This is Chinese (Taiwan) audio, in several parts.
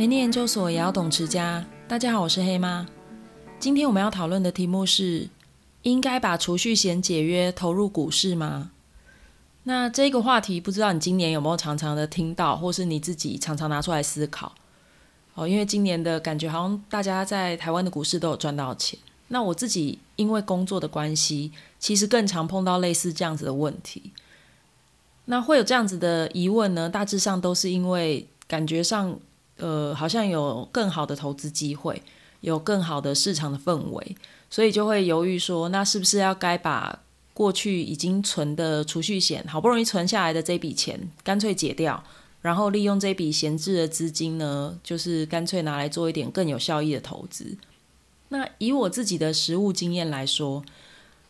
美麗研究所也要懂持家。大家好，我是黑媽。今天我們要討論的題目是：應該把儲蓄險解約投入股市嗎？那這個話題，不知道你今年有沒有常常的聽到，或是你自己常常拿出來思考？哦，因為今年的感覺好像大家在台灣的股市都有賺到錢。那我自己因為工作的關係，其實更常碰到類似這樣子的問題。那會有這樣子的疑問呢？大致上都是因為感覺上。呃，好像有更好的投資機會，有更好的市場的氛圍，所以就會猶豫說，那是不是要該把過去已經存的儲蓄險，好不容易存下來的這筆錢，乾脆解掉，然後利用這筆閒置的資金呢？就是乾脆拿來做一點更有效益的投資。那以我自己的實務經驗來說，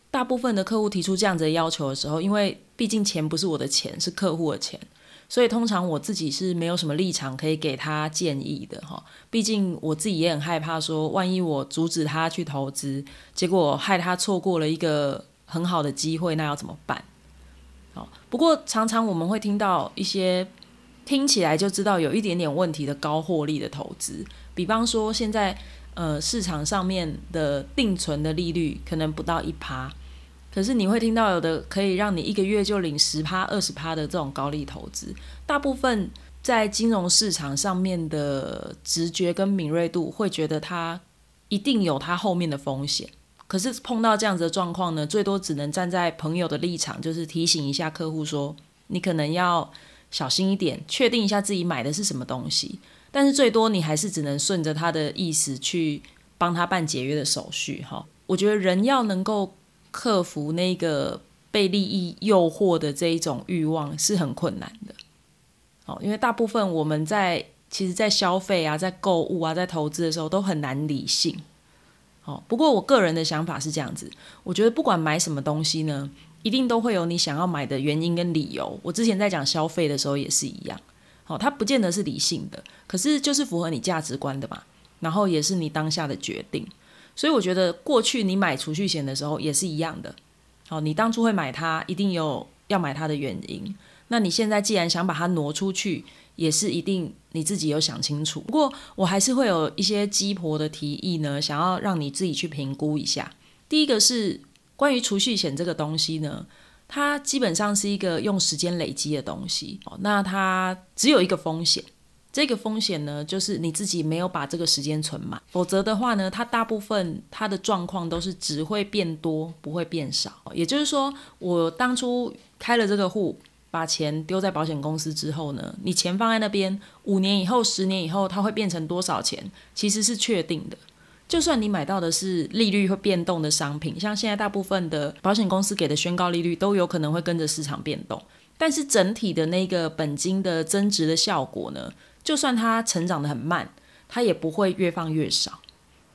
大部分的客戶提出這樣子的要求的時候，因為畢竟錢不是我的錢，是客戶的錢。所以通常我自己是沒有什麼立場可以給他建議的哈，畢竟我自己也很害怕說，萬一我阻止他去投資，結果害他錯過了一個很好的機會，那要怎麼辦？好，不過常常我們會聽到一些聽起來就知道有一點點問題的高獲利的投資，比方說現在呃，市場上面的定存的利率可能不到一趴。可是你會聽到有的可以讓你一個月就領十趴、二十趴的這種高利投資，大部分在金融市場上面的直覺跟敏銳度會覺得它一定有它後面的風險。可是碰到這樣子的狀況呢，最多只能站在朋友的立場，就是提醒一下客戶說，你可能要小心一點，確定一下自己買的是什麼東西。但是最多你還是只能順着他的意思去幫他辦解約的手續。哈，我覺得人要能夠。克服那個被利益誘惑的這一種慾望是很困難的，哦，因為大部分我們在其實在消費啊，在購物啊，在投資的時候都很難理性。哦，不過我個人的想法是這樣子，我覺得不管買什麼東西呢，一定都會有你想要買的原因跟理由。我之前在講消費的時候也是一樣，哦，它不見得是理性的，可是就是符合你價值觀的嘛，然後也是你當下的決定。所以我覺得，過去你買儲蓄險的時候也是一樣的，哦，你當初會買它一定有要買它的原因。那你現在既然想把它挪出去，也是一定你自己有想清楚。不過我還是會有一些雞婆的提議呢，想要讓你自己去評估一下。第一個是關於儲蓄險這個東西呢，它基本上是一個用時間累積的東西，哦，那它只有一個風險。這個風險呢，就是你自己沒有把這個時間存滿，否則的話呢，它大部分它的狀況都是只會變多，不會變少。也就是說，我當初開了這個戶，把錢丟在保險公司之後呢，你錢放在那邊，五年以後、十年以後，它會變成多少錢，其實是確定的。就算你買到的是利率會變動的商品，像現在大部分的保險公司給的宣告利率都有可能會跟着市場變動，但是整體的那個本金的增值的效果呢？就算它成長得很慢，它也不會越放越少。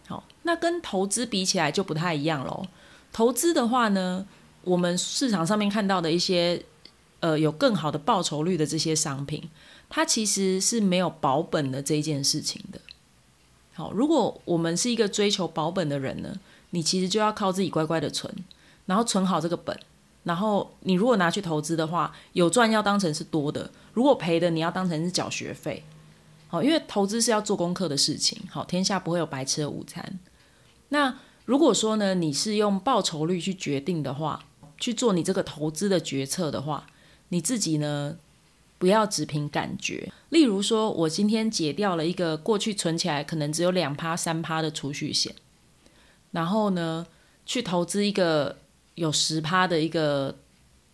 好，那跟投資比起來就不太一樣嘍。投資的話呢，我們市場上面看到的一些，呃，有更好的報酬率的這些商品，它其實是沒有保本的這一件事情的。好，如果我們是一個追求保本的人呢，你其實就要靠自己乖乖的存，然後存好這個本，然後你如果拿去投資的話，有賺要當成是多的，如果賠的你要當成是繳學費。好，因為投資是要做功課的事情。好，天下不會有白吃的午餐。那如果說呢，你是用報酬率去決定的話，去做你這個投資的決策的話，你自己呢不要只憑感覺。例如說，我今天解掉了一個過去存起來可能只有兩趴三趴的儲蓄險，然後呢去投資一個有十趴的一個。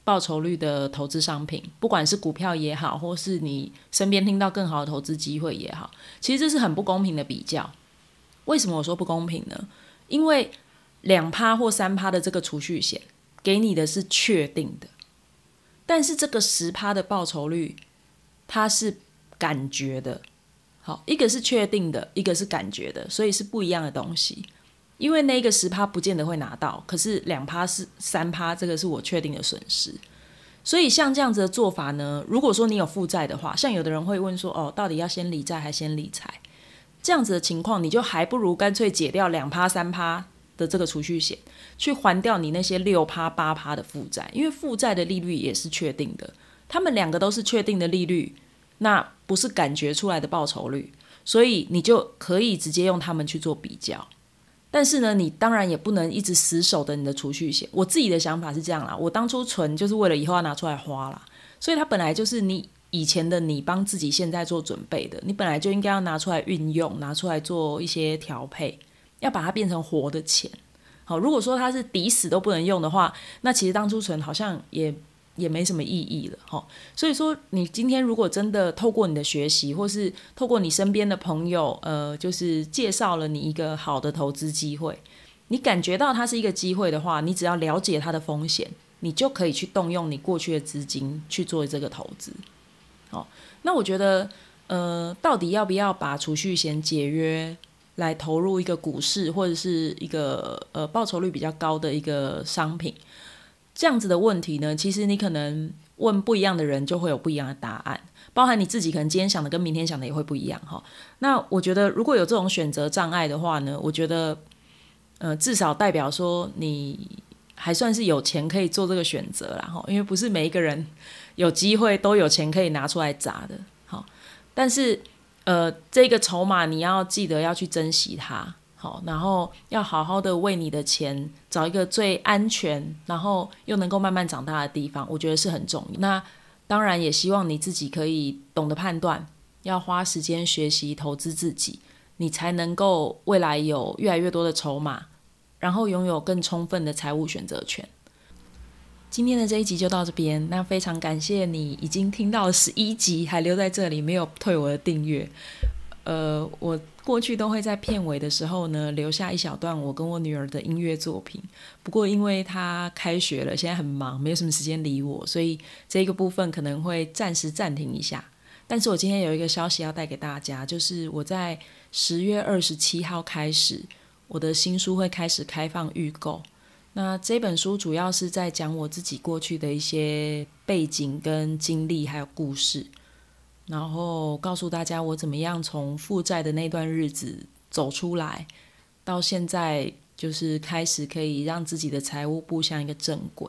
報酬率的投資商品，不管是股票也好，或是你身邊聽到更好的投資機會也好，其實這是很不公平的比較。為什麼我說不公平呢？因為兩趴或三趴的這個儲蓄險給你的是確定的，但是這個十趴的報酬率，它是感覺的。好，一個是確定的，一個是感覺的，所以是不一樣的東西。因為那個十趴不見得會拿到，可是兩趴是三趴，這個是我確定的損失。所以像這樣子的做法呢，如果說你有負債的話，像有的人會問說：“哦，到底要先理債還先理財？”這樣子的情況，你就還不如乾脆解掉兩趴三趴的這個儲蓄險，去還掉你那些六趴八趴的負債，因為負債的利率也是確定的，他們兩個都是確定的利率，那不是感覺出來的報酬率，所以你就可以直接用他們去做比較。但是呢，你當然也不能一直死守着你的儲蓄險。我自己的想法是這樣啦，我當初存就是為了以後要拿出來花啦。所以它本來就是你以前的你幫自己現在做準備的，你本來就應該要拿出來運用，拿出來做一些調配，要把它變成活的錢。好，如果說它是抵死都不能用的話，那其實當初存好像也。也沒什麼意義了，哈、哦。所以說，你今天如果真的透過你的學習，或是透過你身邊的朋友，呃，就是介紹了你一個好的投資機會，你感覺到它是一個機會的話，你只要了解它的風險，你就可以去動用你過去的資金去做這個投資。好、哦，那我覺得，呃，到底要不要把儲蓄險解約來投入一個股市，或者是一個呃報酬率比較高的一個商品？這樣子的問題呢，其實你可能問不一樣的人，就會有不一樣的答案，包含你自己可能今天想的跟明天想的也會不一樣哈。那我覺得如果有這種選擇障礙的話呢，我覺得，呃，至少代表說你還算是有錢可以做這個選擇啦哈，因為不是每一個人有機會都有錢可以拿出來砸的。哈，但是呃，這個籌碼你要記得要去珍惜它。好，然後要好好的為你的錢找一個最安全，然後又能夠慢慢長大的地方，我覺得是很重要。那當然也希望你自己可以懂得判斷，要花時間學習投資自己，你才能夠未來有越來越多的籌碼，然後擁有更充分的財務選擇權。今天的這一集就到這邊，那非常感謝你已經聽到十一集，還留在這裡，沒有退我的訂閱。呃，我過去都會在片尾的時候呢，留下一小段我跟我女兒的音樂作品。不過，因為她開學了，現在很忙，沒有什麼時間理我，所以這個部分可能會暫時暫停一下。但是我今天有一個消息要帶給大家，就是我在十月二十七號開始，我的新書會開始開放預購。那這本書主要是在講我自己過去的一些背景、跟經歷，還有故事。然後告訴大家我怎麼樣從負債的那段日子走出來，到現在就是開始可以讓自己的財務步向一個正軌。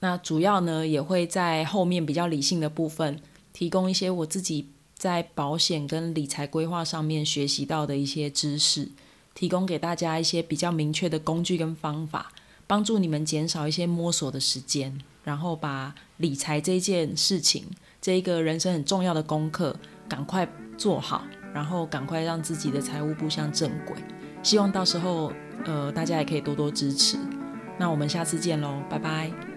那主要呢，也會在後面比較理性的部分，提供一些我自己在保險跟理財規劃上面學習到的一些知識，提供給大家一些比較明確的工具跟方法，幫助你們減少一些摸索的時間。然後把理財這件事情，這一個人生很重要的功課，趕快做好，然後趕快讓自己的財務步向正軌。希望到時候，呃，大家也可以多多支持。那我們下次見嘍，拜拜。